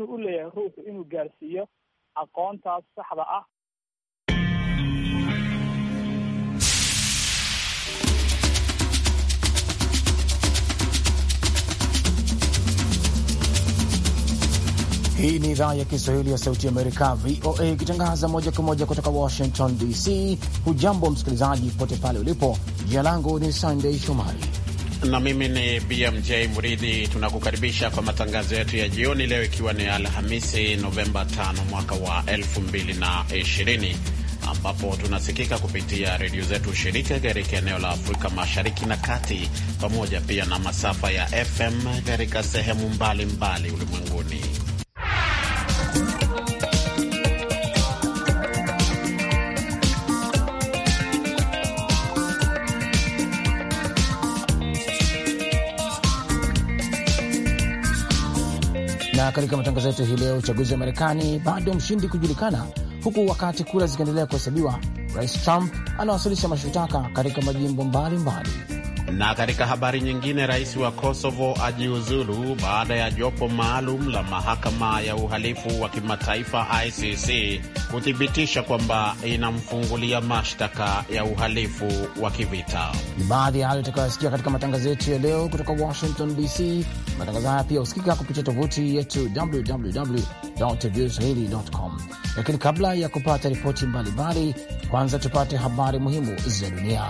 inuu u leeyahay ruuxu inuu gaarsiiyo aqoontaas saxda ah. Hii ni idhaa ya Kiswahili ya Sauti Amerika, VOA, ikitangaza moja kwa moja kutoka Washington DC. Hujambo msikilizaji popote pale ulipo. Jina langu ni Sandei Shomari na mimi ni BMJ Muridhi. Tunakukaribisha kwa matangazo yetu ya jioni leo, ikiwa ni Alhamisi Novemba 5 mwaka wa 2020 ambapo tunasikika kupitia redio zetu shirika katika eneo la Afrika Mashariki na Kati, pamoja pia na masafa ya FM katika sehemu mbalimbali ulimwenguni. Na katika matangazo yetu hii leo, uchaguzi wa Marekani bado mshindi kujulikana, huku wakati kura zikiendelea kuhesabiwa, Rais Trump anawasilisha mashutaka katika majimbo mbalimbali mbali. Na katika habari nyingine, rais wa Kosovo ajiuzulu baada ya jopo maalum la mahakama ya uhalifu wa kimataifa ICC kuthibitisha kwamba inamfungulia mashtaka ya uhalifu wa kivita. Ni baadhi ya hayo itakayosikia katika matangazo yetu ya leo kutoka Washington DC. Matangazo haya pia husikika kupitia tovuti yetu www.voaswahili.com. Lakini kabla ya kupata ripoti mbalimbali, kwanza tupate habari muhimu za dunia.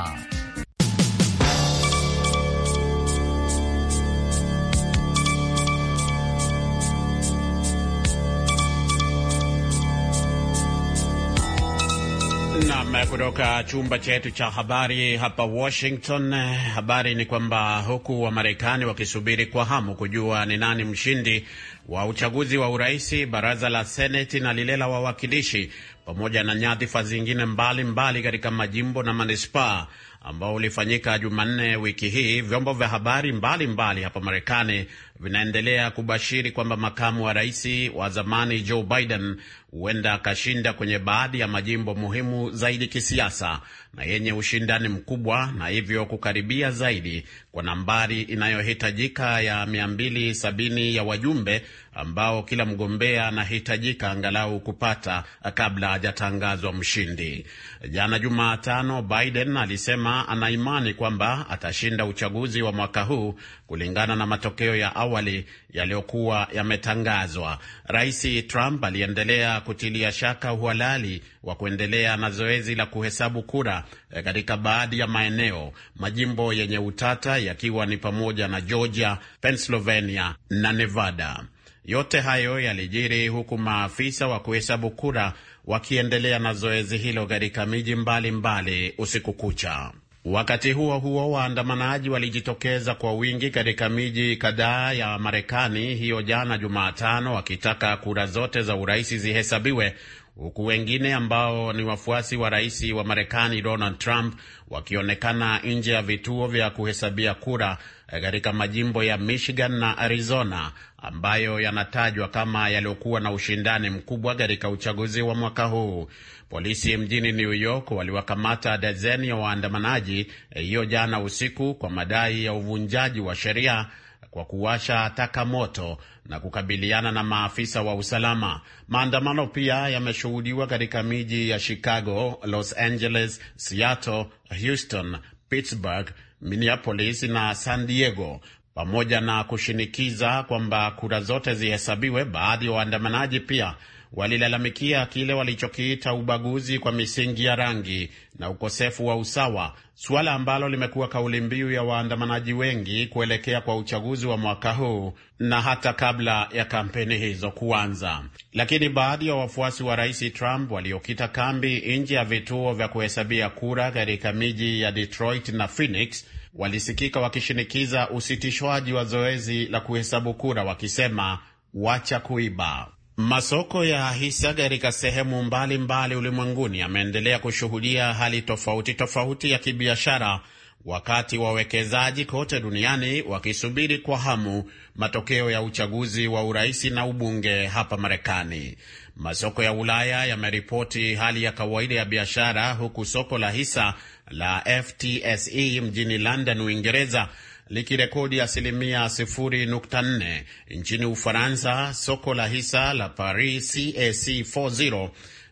Nam kutoka chumba chetu cha habari hapa Washington. Habari ni kwamba huku Wamarekani wakisubiri kwa hamu kujua ni nani mshindi wa uchaguzi wa uraisi, baraza la seneti na lile la wawakilishi, pamoja na nyadhifa zingine mbalimbali katika majimbo na manispaa ambao ulifanyika Jumanne wiki hii, vyombo vya habari mbalimbali mbali hapa Marekani vinaendelea kubashiri kwamba makamu wa rais wa zamani Joe Biden huenda akashinda kwenye baadhi ya majimbo muhimu zaidi kisiasa na yenye ushindani mkubwa na hivyo kukaribia zaidi kwa nambari inayohitajika ya 270 ya wajumbe ambao kila mgombea anahitajika angalau kupata kabla hajatangazwa mshindi. Jana Jumatano, Biden alisema ana imani kwamba atashinda uchaguzi wa mwaka huu kulingana na matokeo ya awali yaliyokuwa yametangazwa. Rais Trump aliendelea kutilia shaka uhalali wa kuendelea na zoezi la kuhesabu kura eh, katika baadhi ya maeneo, majimbo yenye utata yakiwa ni pamoja na Georgia, Pennsylvania na Nevada. Yote hayo yalijiri huku maafisa wa kuhesabu kura wakiendelea na zoezi hilo katika miji mbalimbali usiku kucha. Wakati huo huo, waandamanaji walijitokeza kwa wingi katika miji kadhaa ya Marekani hiyo jana Jumatano, wakitaka kura zote za urais zihesabiwe huku wengine ambao ni wafuasi wa rais wa Marekani Donald Trump wakionekana nje ya vituo vya kuhesabia kura eh, katika majimbo ya Michigan na Arizona ambayo yanatajwa kama yaliyokuwa na ushindani mkubwa katika uchaguzi wa mwaka huu. Polisi mjini New York waliwakamata dazeni ya waandamanaji eh, hiyo jana usiku kwa madai ya uvunjaji wa sheria kwa kuwasha taka moto na kukabiliana na maafisa wa usalama. Maandamano pia yameshuhudiwa katika miji ya Chicago, Los Angeles, Seattle, Houston, Pittsburgh, Minneapolis na San Diego, pamoja na kushinikiza kwamba kura zote zihesabiwe. Baadhi ya waandamanaji pia walilalamikia kile walichokiita ubaguzi kwa misingi ya rangi na ukosefu wa usawa, suala ambalo limekuwa kauli mbiu ya waandamanaji wengi kuelekea kwa uchaguzi wa mwaka huu na hata kabla ya kampeni hizo kuanza. Lakini baadhi ya wafuasi wa rais Trump waliokita kambi nje ya vituo vya kuhesabia kura katika miji ya Detroit na Phoenix walisikika wakishinikiza usitishwaji wa zoezi la kuhesabu kura, wakisema wacha kuiba. Masoko ya hisa katika sehemu mbalimbali ulimwenguni yameendelea kushuhudia hali tofauti tofauti ya kibiashara, wakati wawekezaji kote duniani wakisubiri kwa hamu matokeo ya uchaguzi wa urais na ubunge hapa Marekani. Masoko ya Ulaya yameripoti hali ya kawaida ya biashara, huku soko la hisa la FTSE mjini London, Uingereza likirekodi asilimia 0.4. Nchini Ufaransa, soko la hisa la Paris CAC 40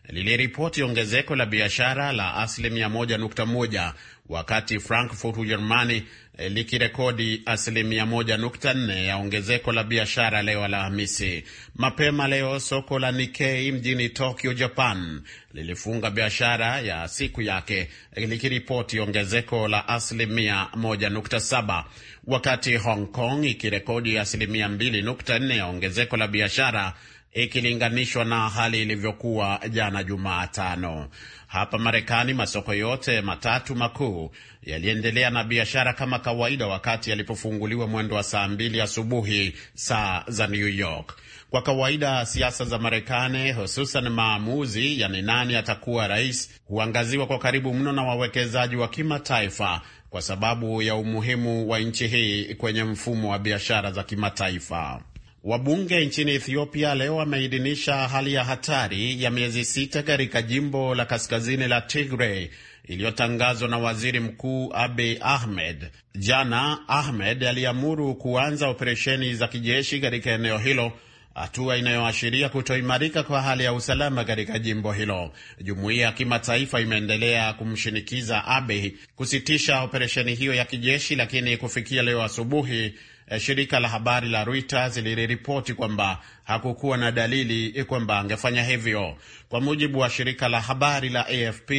liliripoti ongezeko la biashara la asilimia 1.1 wakati Frankfurt, Ujerumani eh, likirekodi asilimia moja nukta nne ya ongezeko la biashara leo Alhamisi. Mapema leo soko la Nikkei mjini Tokyo, Japan lilifunga biashara ya siku yake eh, likiripoti ongezeko la asilimia moja nukta saba wakati Hong Kong ikirekodi asilimia mbili nukta nne ya ongezeko la biashara ikilinganishwa na hali ilivyokuwa jana Jumatano. Hapa Marekani, masoko yote matatu makuu yaliendelea na biashara kama kawaida wakati yalipofunguliwa mwendo wa saa mbili asubuhi saa za New York. Kwa kawaida siasa za Marekani, hususan maamuzi yani nani atakuwa rais, huangaziwa kwa karibu mno na wawekezaji wa kimataifa kwa sababu ya umuhimu wa nchi hii kwenye mfumo wa biashara za kimataifa. Wabunge nchini Ethiopia leo wameidhinisha hali ya hatari ya miezi sita katika jimbo la kaskazini la Tigray iliyotangazwa na waziri mkuu Abi Ahmed. Jana Ahmed aliamuru kuanza operesheni za kijeshi katika eneo hilo, hatua inayoashiria kutoimarika kwa hali ya usalama katika jimbo hilo. Jumuiya ya kimataifa imeendelea kumshinikiza Abi kusitisha operesheni hiyo ya kijeshi, lakini kufikia leo asubuhi Eh, shirika la habari la Reuters liliripoti kwamba hakukuwa na dalili eh, kwamba angefanya hivyo. Kwa mujibu wa shirika la habari la AFP,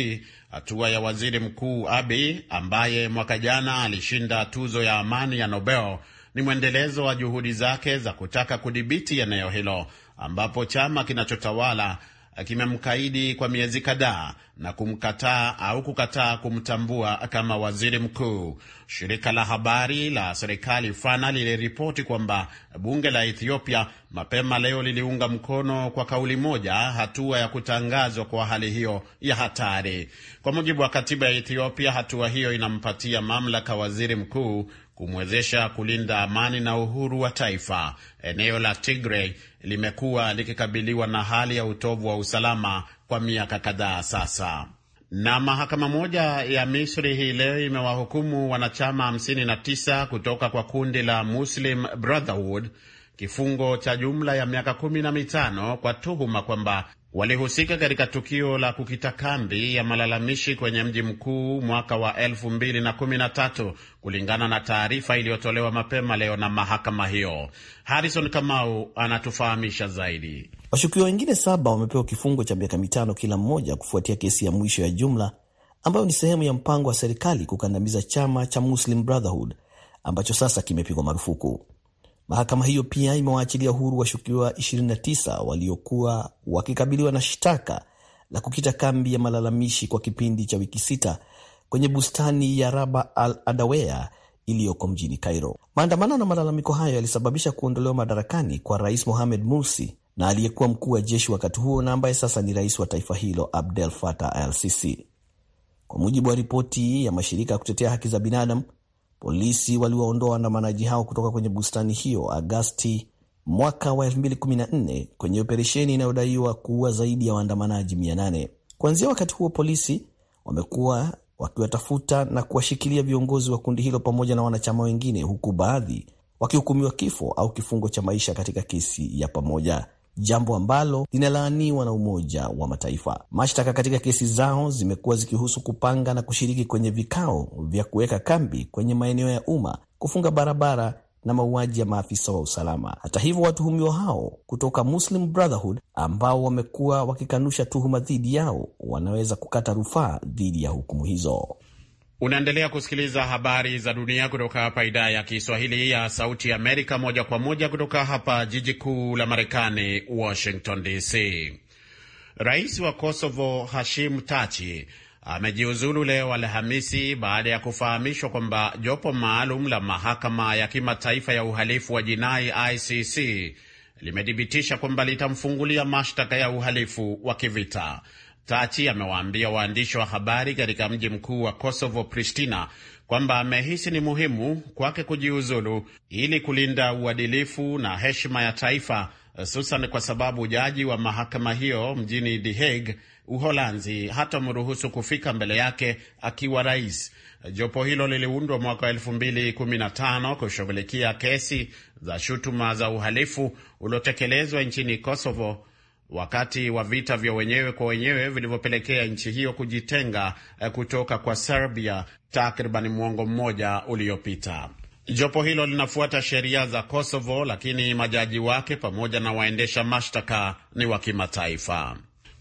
hatua ya waziri mkuu Abi ambaye mwaka jana alishinda tuzo ya amani ya Nobel ni mwendelezo wa juhudi zake za kutaka kudhibiti eneo hilo ambapo chama kinachotawala kimemkaidi kwa miezi kadhaa na kumkataa au kukataa kumtambua kama waziri mkuu. Shirika la habari la serikali Fana liliripoti kwamba bunge la Ethiopia mapema leo liliunga mkono kwa kauli moja hatua ya kutangazwa kwa hali hiyo ya hatari. Kwa mujibu wa katiba ya Ethiopia, hatua hiyo inampatia mamlaka waziri mkuu kumwezesha kulinda amani na uhuru wa taifa. Eneo la Tigray limekuwa likikabiliwa na hali ya utovu wa usalama kwa miaka kadhaa sasa. Na mahakama moja ya Misri hii leo imewahukumu wanachama 59 kutoka kwa kundi la Muslim Brotherhood kifungo cha jumla ya miaka kumi na mitano kwa tuhuma kwamba walihusika katika tukio la kukita kambi ya malalamishi kwenye mji mkuu mwaka wa 2013 kulingana na taarifa iliyotolewa mapema leo na mahakama hiyo. Harrison Kamau anatufahamisha zaidi. Washukiwa wengine saba wamepewa kifungo cha miaka mitano kila mmoja kufuatia kesi ya mwisho ya jumla ambayo ni sehemu ya mpango wa serikali kukandamiza chama cha Muslim Brotherhood ambacho sasa kimepigwa marufuku. Mahakama hiyo pia imewaachilia huru washukiwa 29 waliokuwa wakikabiliwa na shtaka la kukita kambi ya malalamishi kwa kipindi cha wiki sita kwenye bustani ya Raba Al Adawea iliyoko mjini Cairo. Maandamano na malalamiko hayo yalisababisha kuondolewa madarakani kwa Rais Mohamed Mursi na aliyekuwa mkuu wa jeshi wakati huo na ambaye sasa ni rais wa taifa hilo Abdel Fattah Al Sisi. Kwa mujibu wa ripoti ya mashirika ya kutetea haki za binadamu, Polisi waliwaondoa waandamanaji hao kutoka kwenye bustani hiyo Agasti mwaka wa 2014 kwenye operesheni inayodaiwa kuua zaidi ya waandamanaji 800. Kuanzia wakati huo, polisi wamekuwa wakiwatafuta na kuwashikilia viongozi wa kundi hilo pamoja na wanachama wengine, huku baadhi wakihukumiwa kifo au kifungo cha maisha katika kesi ya pamoja jambo ambalo linalaaniwa na Umoja wa Mataifa. Mashtaka katika kesi zao zimekuwa zikihusu kupanga na kushiriki kwenye vikao vya kuweka kambi kwenye maeneo ya umma, kufunga barabara na mauaji ya maafisa wa usalama. Hata hivyo, watuhumiwa hao kutoka Muslim Brotherhood ambao wamekuwa wakikanusha tuhuma dhidi yao wanaweza kukata rufaa dhidi ya hukumu hizo. Unaendelea kusikiliza habari za dunia kutoka hapa idhaa ya Kiswahili ya Sauti ya Amerika, moja kwa moja kutoka hapa jiji kuu la Marekani, Washington DC. Rais wa Kosovo Hashim Tachi amejiuzulu leo Alhamisi baada ya kufahamishwa kwamba jopo maalum la mahakama ya kimataifa ya uhalifu wa jinai ICC limethibitisha kwamba litamfungulia mashtaka ya uhalifu wa kivita. Tachi amewaambia waandishi wa habari katika mji mkuu wa Kosovo, Pristina, kwamba amehisi ni muhimu kwake kujiuzulu ili kulinda uadilifu na heshima ya taifa, hususan kwa sababu jaji wa mahakama hiyo mjini The Hague, Uholanzi, hatamruhusu kufika mbele yake akiwa rais. Jopo hilo liliundwa mwaka 2015 kushughulikia kesi za shutuma za uhalifu uliotekelezwa nchini Kosovo wakati wa vita vya wenyewe kwa wenyewe vilivyopelekea nchi hiyo kujitenga eh, kutoka kwa Serbia takriban mwongo mmoja uliopita. Jopo hilo linafuata sheria za Kosovo, lakini majaji wake pamoja na waendesha mashtaka ni wa kimataifa.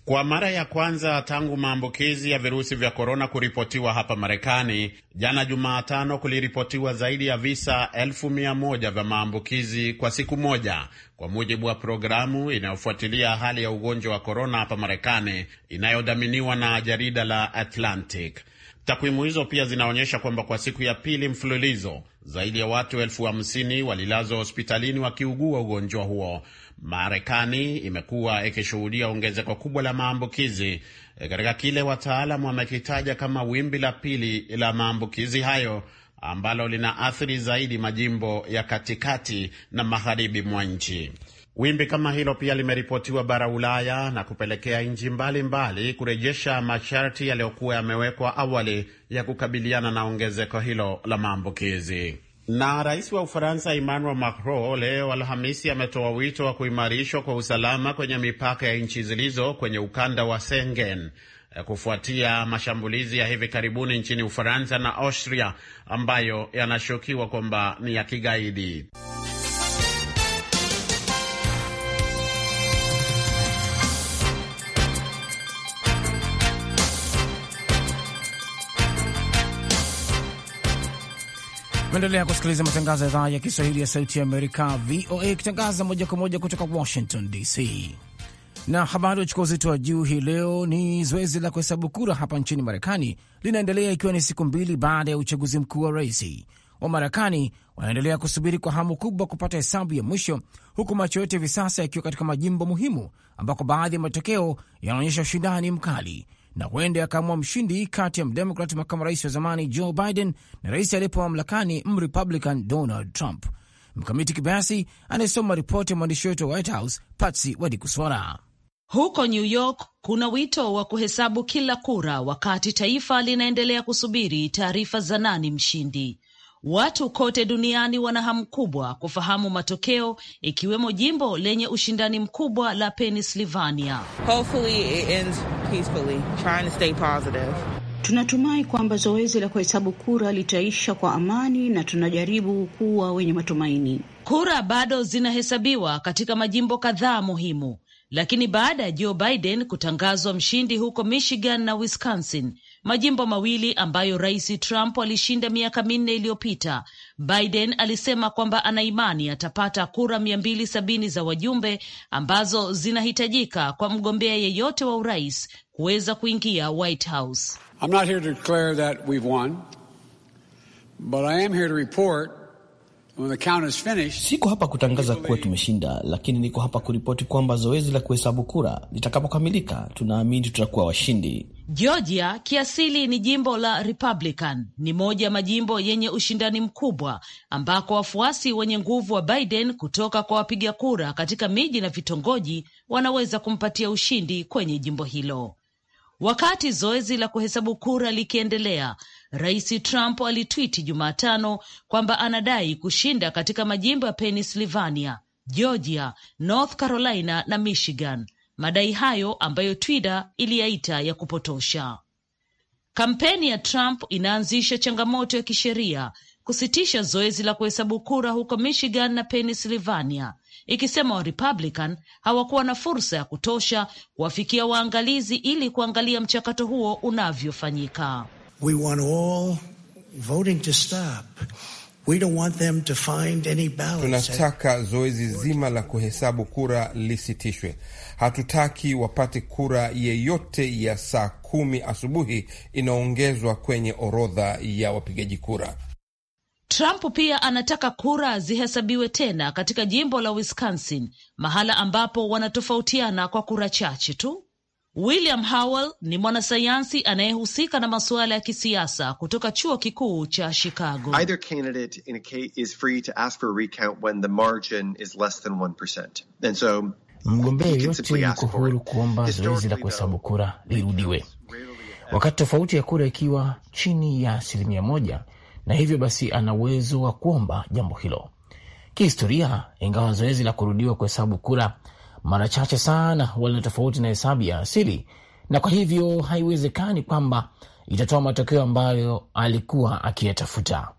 Kwa mara ya kwanza tangu maambukizi ya virusi vya korona kuripotiwa hapa Marekani jana Jumatano, kuliripotiwa zaidi ya visa elfu mia moja vya maambukizi kwa siku moja, kwa mujibu wa programu inayofuatilia hali ya ugonjwa wa korona hapa Marekani inayodhaminiwa na jarida la Atlantic. Takwimu hizo pia zinaonyesha kwamba kwa siku ya pili mfululizo zaidi ya watu elfu hamsini walilazwa hospitalini wakiugua ugonjwa huo Marekani imekuwa ikishuhudia ongezeko kubwa la maambukizi eh, katika kile wataalamu wamekitaja kama wimbi la pili la maambukizi hayo ambalo lina athiri zaidi majimbo ya katikati na magharibi mwa nchi. Wimbi kama hilo pia limeripotiwa bara Ulaya na kupelekea nchi mbalimbali kurejesha masharti yaliyokuwa yamewekwa awali ya kukabiliana na ongezeko hilo la maambukizi. Na rais wa Ufaransa Emmanuel Macron leo Alhamisi ametoa wito wa kuimarishwa kwa usalama kwenye mipaka ya nchi zilizo kwenye ukanda wa Schengen eh, kufuatia mashambulizi ya hivi karibuni nchini Ufaransa na Austria ambayo yanashukiwa kwamba ni ya kigaidi. Unaendelea kusikiliza matangazo ya idhaa ya Kiswahili ya Sauti ya Amerika, VOA, ikitangaza moja kwa moja kutoka Washington DC. Na habari wachukua uzito wa juu hii leo ni zoezi la kuhesabu kura hapa nchini Marekani linaendelea ikiwa ni siku mbili baada ya uchaguzi mkuu wa rais. Wamarekani wanaendelea kusubiri kwa hamu kubwa kupata hesabu ya mwisho, huku macho yote hivi sasa yakiwa katika majimbo muhimu ambako baadhi ya matokeo yanaonyesha ushindani mkali na huende akaamua mshindi kati ya mdemokrat makamu rais wa zamani Joe Biden na rais aliyepo mamlakani mrepublican Donald Trump. Mkamiti Kibayasi anayesoma ripoti ya mwandishi wetu wa White House Patsi Wadikuswara. Huko New York kuna wito wa kuhesabu kila kura, wakati taifa linaendelea kusubiri taarifa za nani mshindi. Watu kote duniani wana hamu kubwa kufahamu matokeo, ikiwemo jimbo lenye ushindani mkubwa la Pennsylvania peacefully, trying to stay positive. Tunatumai kwamba zoezi la kuhesabu kura litaisha kwa amani na tunajaribu kuwa wenye matumaini. Kura bado zinahesabiwa katika majimbo kadhaa muhimu, lakini baada ya Joe Biden kutangazwa mshindi huko Michigan na Wisconsin, majimbo mawili ambayo Rais Trump alishinda miaka minne iliyopita. Biden alisema kwamba ana imani atapata kura mia mbili sabini za wajumbe ambazo zinahitajika kwa mgombea yeyote wa urais kuweza kuingia White House. I'm not here to declare that we've won, but I am here to report siko hapa kutangaza kuwa tumeshinda, lakini niko hapa kuripoti kwamba zoezi la kuhesabu kura litakapokamilika, tunaamini tutakuwa washindi. Georgia kiasili ni jimbo la Republican, ni moja ya majimbo yenye ushindani mkubwa ambako wafuasi wenye nguvu wa Biden kutoka kwa wapiga kura katika miji na vitongoji wanaweza kumpatia ushindi kwenye jimbo hilo. Wakati zoezi la kuhesabu kura likiendelea, Rais Trump alitwiti Jumatano kwamba anadai kushinda katika majimbo ya Pennsylvania, Georgia, North Carolina na Michigan, madai hayo ambayo Twitter iliyaita ya kupotosha. Kampeni ya Trump inaanzisha changamoto ya kisheria kusitisha zoezi la kuhesabu kura huko Michigan na Pennsylvania, ikisema Warepublican hawakuwa na fursa ya kutosha kuwafikia waangalizi ili kuangalia mchakato huo unavyofanyika. We want all voting to stop. We don't want them to find any balance. Tunataka zoezi zima la kuhesabu kura lisitishwe. Hatutaki wapate kura yeyote ya saa kumi asubuhi inaongezwa kwenye orodha ya wapigaji kura. Trump pia anataka kura zihesabiwe tena katika jimbo la Wisconsin, mahala ambapo wanatofautiana kwa kura chache tu. William Howell ni mwanasayansi anayehusika na masuala ya kisiasa kutoka chuo kikuu cha Chicago. So, mgombea yeyote yuko huru kuomba zoezi la kuhesabu kura lirudiwe wakati tofauti ya kura ikiwa chini ya asilimia moja, na hivyo basi ana uwezo wa kuomba jambo hilo. Kihistoria, ingawa zoezi la kurudiwa kuhesabu kura mara chache sana walina tofauti na hesabu ya asili, na kwa hivyo haiwezekani kwamba itatoa matokeo ambayo alikuwa akiyatafuta.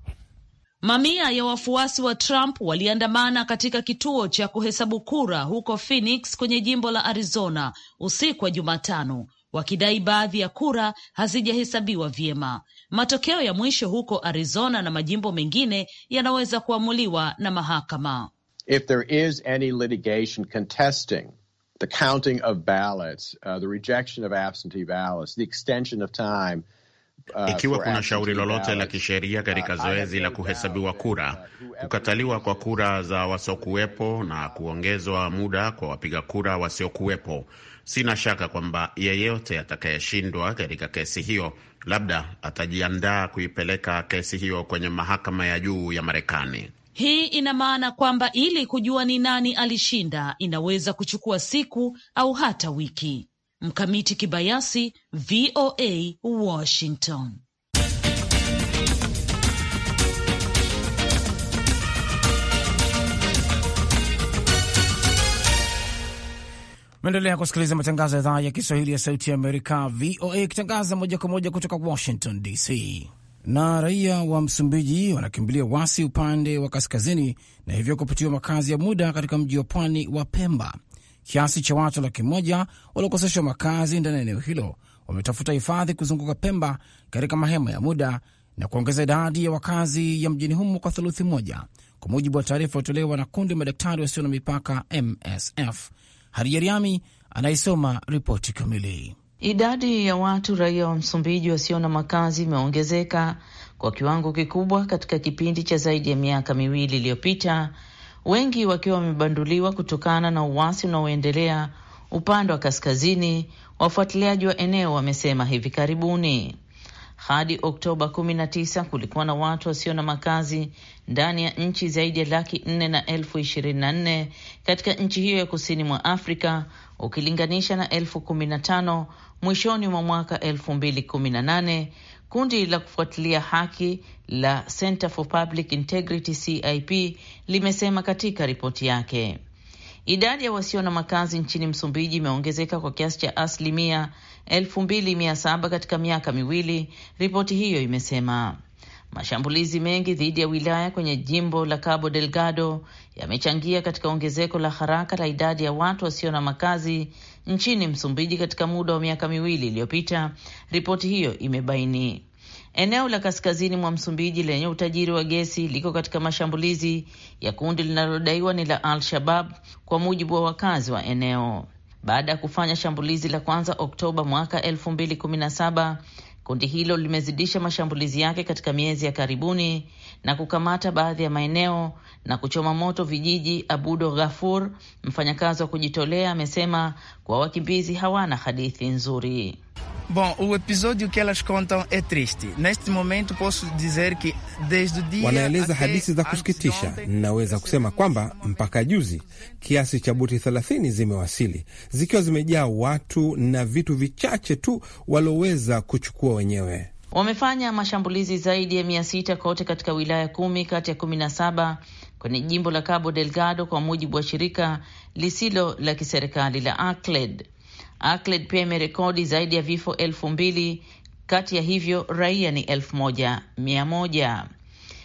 Mamia ya wafuasi wa Trump waliandamana katika kituo cha kuhesabu kura huko Phoenix kwenye jimbo la Arizona usiku wa Jumatano, wakidai baadhi ya kura hazijahesabiwa vyema. Matokeo ya mwisho huko Arizona na majimbo mengine yanaweza kuamuliwa na mahakama. if there is any litigation contesting the counting of ballots, uh, the rejection of absentee ballots, the extension of time ikiwa kuna shauri lolote la kisheria katika uh, zoezi la kuhesabiwa kura, kukataliwa kwa kura za wasiokuwepo na kuongezwa muda kwa wapiga kura wasiokuwepo, sina shaka kwamba yeyote atakayeshindwa katika kesi hiyo labda atajiandaa kuipeleka kesi hiyo kwenye mahakama ya juu ya Marekani. Hii ina maana kwamba ili kujua ni nani alishinda inaweza kuchukua siku au hata wiki. Mkamiti Kibayasi, VOA Washington. Maendelea kusikiliza matangazo ya idhaa ya Kiswahili ya Sauti ya Amerika, VOA, ikitangaza moja kwa moja kutoka Washington DC na raia wa Msumbiji wanakimbilia wasi upande wa kaskazini na hivyo kupatiwa makazi ya muda katika mji wa pwani wa Pemba. Kiasi cha watu laki moja waliokoseshwa makazi ndani ya eneo hilo wametafuta hifadhi kuzunguka Pemba katika mahema ya muda na kuongeza idadi ya wakazi ya mjini humo kwa theluthi moja, kwa mujibu wa taarifa iliyotolewa na kundi madaktari wasio na mipaka MSF. Hadija Riami anaisoma ripoti kamili. Idadi ya watu raia wa Msumbiji wasio na makazi imeongezeka kwa kiwango kikubwa katika kipindi cha zaidi ya miaka miwili iliyopita, wengi wakiwa wamebanduliwa kutokana na uwasi unaoendelea upande wa kaskazini, wafuatiliaji wa eneo wamesema hivi karibuni. Hadi Oktoba 19 kulikuwa na watu wasio na makazi ndani ya nchi zaidi ya laki nne na elfu ishirini na nne katika nchi hiyo ya kusini mwa Afrika ukilinganisha na elfu kumi na tano mwishoni mwa mwaka elfu mbili kumi na nane Kundi la kufuatilia haki la Center for Public Integrity CIP limesema katika ripoti yake idadi ya wasio na makazi nchini Msumbiji imeongezeka kwa kiasi cha asilimia 2700 katika miaka miwili, ripoti hiyo imesema. Mashambulizi mengi dhidi ya wilaya kwenye jimbo la Cabo Delgado yamechangia katika ongezeko la haraka la idadi ya watu wasio na makazi nchini Msumbiji katika muda wa miaka miwili iliyopita, ripoti hiyo imebaini. Eneo la kaskazini mwa Msumbiji lenye utajiri wa gesi liko katika mashambulizi ya kundi linalodaiwa ni la Al-Shabab, kwa mujibu wa wakazi wa eneo baada ya kufanya shambulizi la kwanza Oktoba mwaka 2017. Kundi hilo limezidisha mashambulizi yake katika miezi ya karibuni na kukamata baadhi ya maeneo na kuchoma moto vijiji. Abudo Ghafur, mfanyakazi wa kujitolea, amesema kuwa wakimbizi hawana hadithi nzuri. Bom, o episódio que elas contam é triste. Neste momento posso dizer que desde o dia wanaeleza hadithi za kusikitisha. Naweza kusema kwamba mpaka juzi kiasi cha boti 30 zimewasili zikiwa zimejaa watu na vitu vichache tu walioweza kuchukua wenyewe. Wamefanya mashambulizi zaidi ya mia sita kote katika wilaya kumi kati ya kumi na saba kwenye jimbo la Cabo Delgado, kwa mujibu wa shirika lisilo la kiserikali la ACLED. Acled pia imerekodi zaidi ya vifo elfu mbili kati ya hivyo raia ni elfu moja mia moja.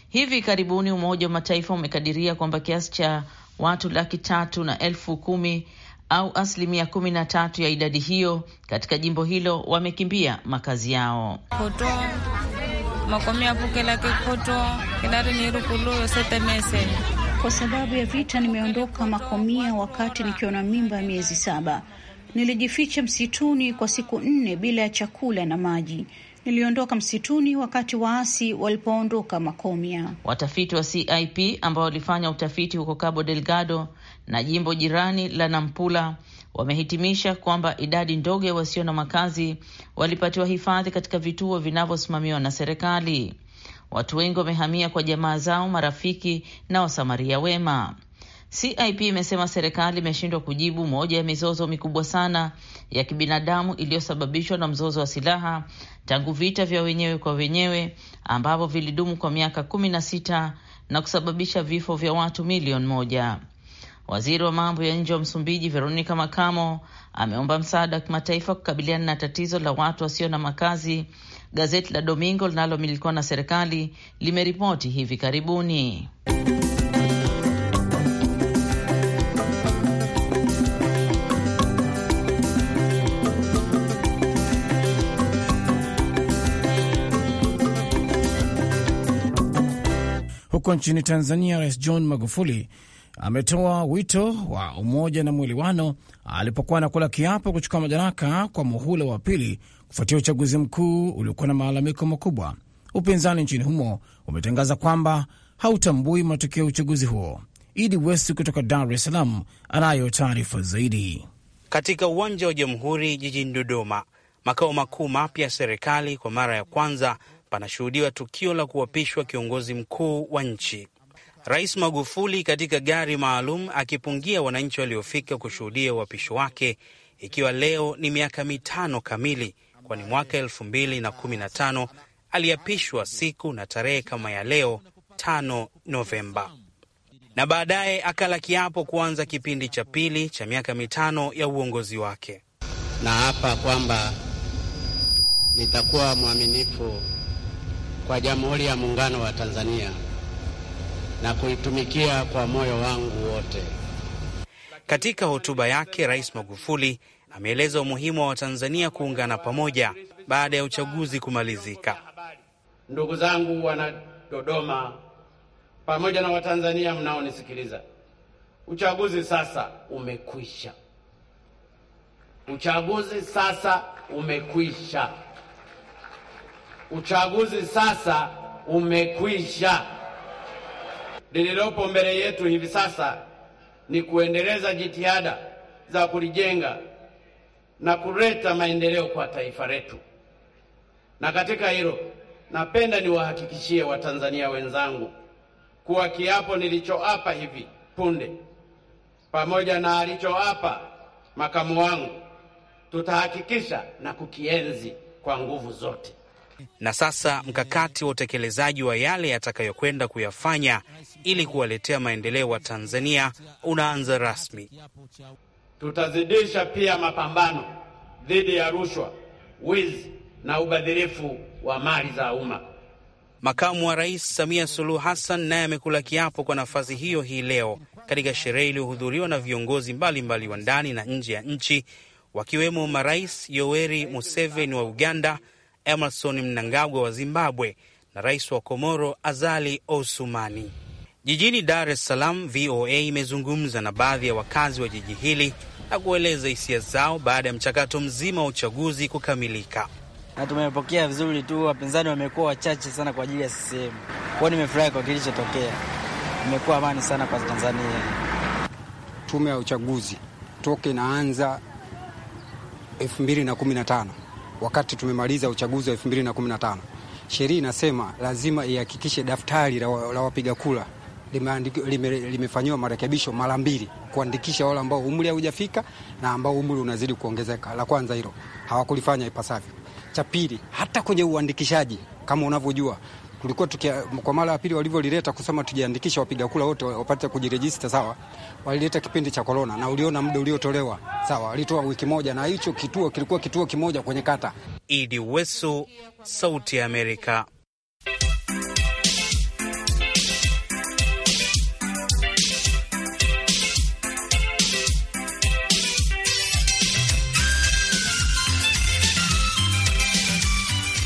Hivi karibuni Umoja wa Mataifa umekadiria kwamba kiasi cha watu laki tatu na elfu kumi au asilimia kumi na tatu ya idadi hiyo katika jimbo hilo wamekimbia makazi yao. Koto, koto, kwa sababu ya vita nimeondoka Makomia wakati nikiwa na mimba ya miezi saba Nilijificha msituni kwa siku nne bila ya chakula na maji. Niliondoka msituni wakati waasi walipoondoka Makomia. Watafiti wa CIP ambao walifanya utafiti huko Cabo Delgado na jimbo jirani la Nampula wamehitimisha kwamba idadi ndogo ya wasio na makazi walipatiwa hifadhi katika vituo vinavyosimamiwa na serikali. Watu wengi wamehamia kwa jamaa zao, marafiki na wasamaria wema. CIP imesema serikali imeshindwa kujibu moja ya mizozo mikubwa sana ya kibinadamu iliyosababishwa na mzozo wa silaha tangu vita vya wenyewe kwa wenyewe ambavyo vilidumu kwa miaka kumi na sita na kusababisha vifo vya watu milioni moja. Waziri wa mambo ya nje wa Msumbiji Veronica Makamo ameomba msaada wa kimataifa kukabiliana na tatizo la watu wasio na makazi. Gazeti la Domingo linalomilikiwa na serikali limeripoti hivi karibuni. Huko nchini Tanzania, Rais John Magufuli ametoa wito wa umoja na mwelewano alipokuwa anakula kiapo kuchukua madaraka kwa muhula wa pili kufuatia uchaguzi mkuu uliokuwa na malalamiko makubwa. Upinzani nchini humo umetangaza kwamba hautambui matokeo ya uchaguzi huo. Idi West kutoka Dar es Salaam anayo taarifa zaidi. Katika uwanja wa Jamhuri jijini Dodoma, makao makuu mapya ya serikali kwa mara ya kwanza panashuhudiwa tukio la kuapishwa kiongozi mkuu wa nchi Rais Magufuli katika gari maalum akipungia wananchi waliofika kushuhudia uapisho wake, ikiwa leo ni miaka mitano kamili, kwani mwaka elfu mbili na kumi na tano aliapishwa siku na tarehe kama ya leo, 5 Novemba, na baadaye akala kiapo kuanza kipindi cha pili cha miaka mitano ya uongozi wake. hapa kwamba nitakuwa mwaminifu kwa Jamhuri ya Muungano wa Tanzania na kuitumikia kwa moyo wangu wote. Katika hotuba yake, Rais Magufuli ameeleza umuhimu wa Watanzania kuungana pamoja baada ya uchaguzi kumalizika. Ndugu zangu wana Dodoma pamoja na Watanzania mnaonisikiliza, uchaguzi sasa umekwisha. Uchaguzi sasa umekwisha. Uchaguzi sasa umekwisha. Lililopo mbele yetu hivi sasa ni kuendeleza jitihada za kulijenga na kuleta maendeleo kwa taifa letu, na katika hilo napenda niwahakikishie Watanzania wenzangu kuwa kiapo nilichoapa hivi punde pamoja na alichoapa makamu wangu tutahakikisha na kukienzi kwa nguvu zote na sasa mkakati wa utekelezaji wa yale yatakayokwenda kuyafanya ili kuwaletea maendeleo wa Tanzania unaanza rasmi. Tutazidisha pia mapambano dhidi ya rushwa, wizi na ubadhirifu wa mali za umma. Makamu wa Rais Samia Suluhu Hassan naye amekula kiapo kwa nafasi hiyo hii leo katika sherehe iliyohudhuriwa na viongozi mbalimbali wa ndani na nje ya nchi wakiwemo marais Yoweri Museveni wa Uganda Emerson Mnangagwa wa Zimbabwe na rais wa Komoro Azali Osumani. Jijini Dar es Salaam, VOA imezungumza na baadhi ya wakazi wa jiji hili na kueleza hisia zao baada ya mchakato mzima wa uchaguzi kukamilika. na tumepokea vizuri tu, wapinzani wamekuwa wachache sana kwa ajili ya CCM kwao. Nimefurahi kwa kilichotokea, imekuwa amani sana kwa Tanzania. Tume ya uchaguzi toke inaanza 2015 wakati tumemaliza uchaguzi wa 2015 sheria inasema lazima ihakikishe daftari la, la wapiga kura limefanyiwa lime marekebisho mara mbili, kuandikisha wale ambao umri haujafika na ambao umri unazidi kuongezeka. La kwanza hilo hawakulifanya ipasavyo. Cha pili, hata kwenye uandikishaji kama unavyojua tulikuwa tukia, kwa mara ya pili walivyolileta kusema tujiandikisha wapiga kura wote wapate kujirejista sawa, walileta kipindi cha korona, na uliona muda uliotolewa sawa, walitoa wiki moja, na hicho kituo kilikuwa kituo kimoja kwenye kata. Idi Wesu, Sauti ya Amerika,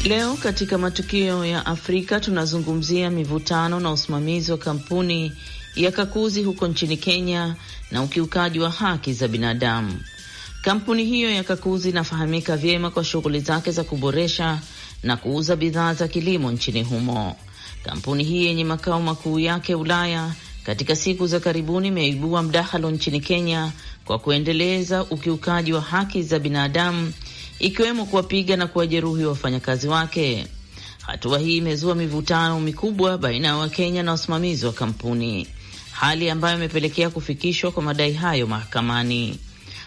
Leo katika matukio ya Afrika tunazungumzia mivutano na usimamizi wa kampuni ya Kakuzi huko nchini Kenya na ukiukaji wa haki za binadamu. Kampuni hiyo ya Kakuzi inafahamika vyema kwa shughuli zake za kuboresha na kuuza bidhaa za kilimo nchini humo. Kampuni hii yenye makao makuu yake Ulaya, katika siku za karibuni imeibua mdahalo nchini Kenya kwa kuendeleza ukiukaji wa haki za binadamu ikiwemo kuwapiga na kuwajeruhi wafanyakazi wake. Hatua hii imezua mivutano mikubwa baina ya Wakenya na wasimamizi wa kampuni, hali ambayo imepelekea kufikishwa kwa madai hayo mahakamani.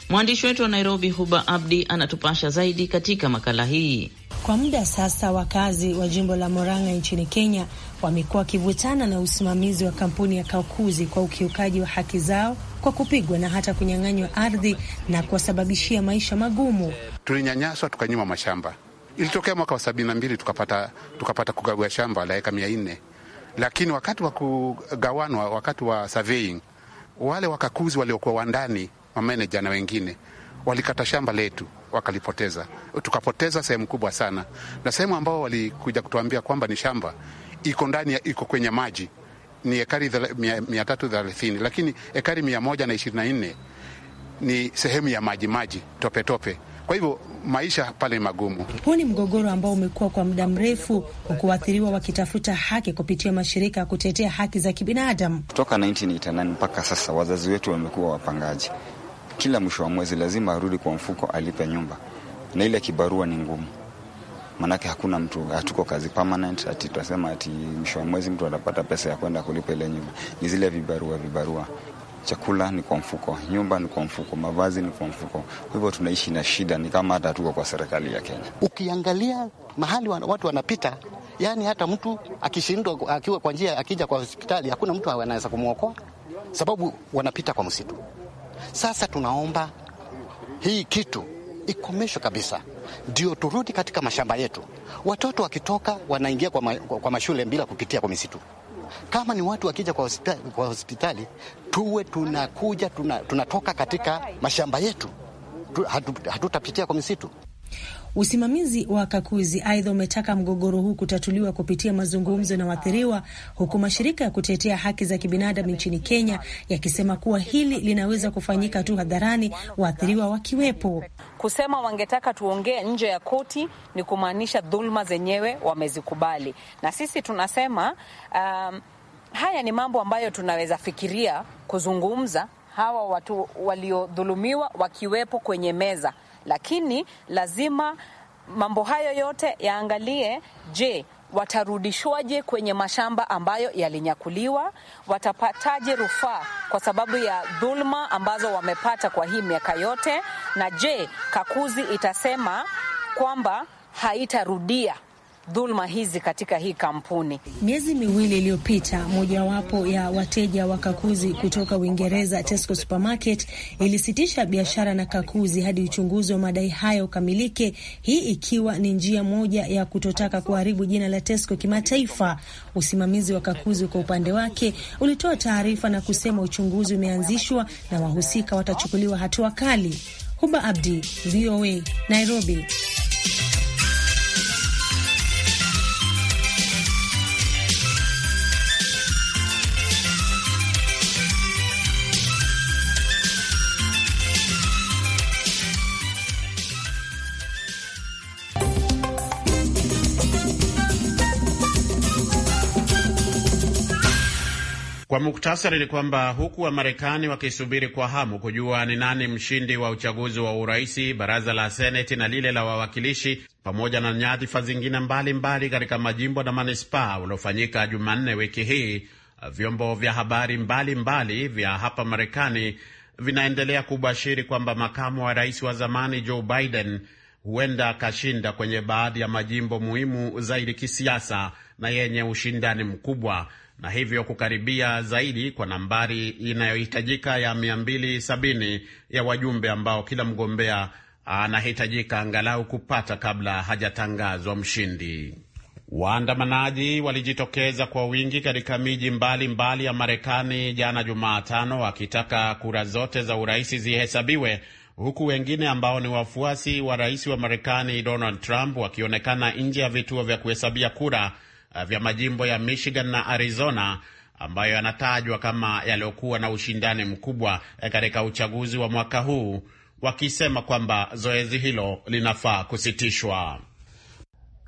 Mwandishi wetu wa Nairobi, Huba Abdi, anatupasha zaidi katika makala hii. Kwa muda sasa, wakazi wa jimbo la Morang'a nchini Kenya wamekuwa wakivutana na usimamizi wa kampuni ya Kakuzi kwa ukiukaji wa haki zao kwa kupigwa na hata kunyang'anywa ardhi na kuwasababishia maisha magumu. Tulinyanyaswa tukanyuma mashamba. Ilitokea mwaka wa sabini na mbili tukapata, tukapata kugagua shamba la eka mia nne lakini wakati wa kugawanwa, wakati wa surveying, wale wakakuzi waliokuwa wandani, mameneja na wengine walikata shamba letu wakalipoteza, tukapoteza sehemu kubwa sana, na sehemu ambao walikuja kutuambia kwamba ni shamba iko ndani iko kwenye maji ni ekari mia tatu lakini ekari mia moja na ni sehemu ya maji maji tope tope. Kwa hivyo maisha pale magumu. Huu ni mgogoro ambao umekuwa kwa muda mrefu, huku waathiriwa wakitafuta haki kupitia mashirika ya kutetea haki za kibinadamu. Kutoka 1989 mpaka sasa, wazazi wetu wamekuwa wapangaji. Kila mwisho wa mwezi lazima arudi kwa mfuko, alipe nyumba, na ile kibarua ni ngumu maanake hakuna mtu, hatuko kazi permanent, ati tunasema ati mwisho wa mwezi mtu atapata pesa ya kwenda kulipa ile nyumba. Ni zile vibarua vibarua Chakula ni kwa mfuko, nyumba ni kwa mfuko, mavazi ni kwa mfuko. Kwa hivyo tunaishi na shida, ni kama hata hatuko kwa serikali ya Kenya. Ukiangalia mahali watu wanapita, yani hata mtu akishindwa, akiwa kwa njia, akija kwa hospitali, hakuna mtu anaweza kumwokoa sababu wanapita kwa msitu. Sasa tunaomba hii kitu ikomeshwe kabisa ndio turudi katika mashamba yetu. Watoto wakitoka wanaingia kwa, ma, kwa mashule bila kupitia kwa misitu. Kama ni watu wakija kwa hospitali, kwa hospitali tuwe tunakuja tunatoka katika mashamba yetu, hatutapitia hatu kwa misitu. Usimamizi wa Kakuzi aidha umetaka mgogoro huu kutatuliwa kupitia mazungumzo na waathiriwa, huku mashirika ya kutetea haki za kibinadamu nchini Kenya yakisema kuwa hili linaweza kufanyika tu hadharani, waathiriwa wakiwepo. Kusema wangetaka tuongee nje ya koti ni kumaanisha dhuluma zenyewe wamezikubali, na sisi tunasema um, haya ni mambo ambayo tunaweza fikiria kuzungumza, hawa watu waliodhulumiwa wakiwepo kwenye meza lakini lazima mambo hayo yote yaangalie, je, watarudishwaje kwenye mashamba ambayo yalinyakuliwa? Watapataje rufaa kwa sababu ya dhulma ambazo wamepata kwa hii miaka yote? Na je, Kakuzi itasema kwamba haitarudia dhuluma hizi katika hii kampuni. Miezi miwili iliyopita, mojawapo ya wateja wa Kakuzi kutoka Uingereza, Tesco Supermarket, ilisitisha biashara na Kakuzi hadi uchunguzi wa madai hayo ukamilike, hii ikiwa ni njia moja ya kutotaka kuharibu jina la Tesco kimataifa. Usimamizi wa Kakuzi kwa upande wake ulitoa taarifa na kusema uchunguzi umeanzishwa na wahusika watachukuliwa hatua kali. Huba Abdi, VOA, Nairobi. Kwa muktasari ni kwamba huku Wamarekani wakisubiri kwa hamu kujua ni nani mshindi wa uchaguzi wa uraisi, baraza la seneti na lile la wawakilishi, pamoja na nyadhifa zingine mbalimbali katika majimbo na manispaa uliofanyika Jumanne wiki hii, vyombo vya habari mbalimbali mbali vya hapa Marekani vinaendelea kubashiri kwamba makamu wa rais wa zamani Joe Biden huenda akashinda kwenye baadhi ya majimbo muhimu zaidi kisiasa na yenye ushindani mkubwa na hivyo kukaribia zaidi kwa nambari inayohitajika ya 270 ya wajumbe ambao kila mgombea anahitajika angalau kupata kabla hajatangazwa mshindi. Waandamanaji walijitokeza kwa wingi katika miji mbalimbali mbali ya Marekani jana Jumatano, wakitaka kura zote za urais zihesabiwe, huku wengine ambao ni wafuasi wa rais wa Marekani Donald Trump wakionekana nje ya vituo vya kuhesabia kura Eh, vya majimbo ya Michigan na Arizona ambayo yanatajwa kama yaliyokuwa na ushindani mkubwa eh, katika uchaguzi wa mwaka huu, wakisema kwamba zoezi hilo linafaa kusitishwa.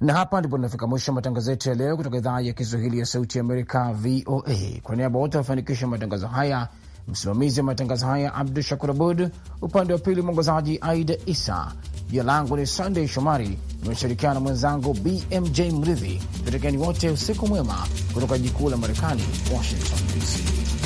Na hapa ndipo tunafika mwisho wa matangazo yetu ya leo kutoka idhaa ya Kiswahili ya Sauti ya Amerika, VOA. Kwa niaba wote wafanikisha matangazo haya Msimamizi wa matangazo haya Abdu Shakur Abud, upande wa pili mwongozaji Aida Isa. Jina langu ni Sandey Shomari, nimeshirikiana na mwenzangu BMJ Mridhi. Tutekeni wote usiku mwema kutoka jikuu la Marekani, Washington DC.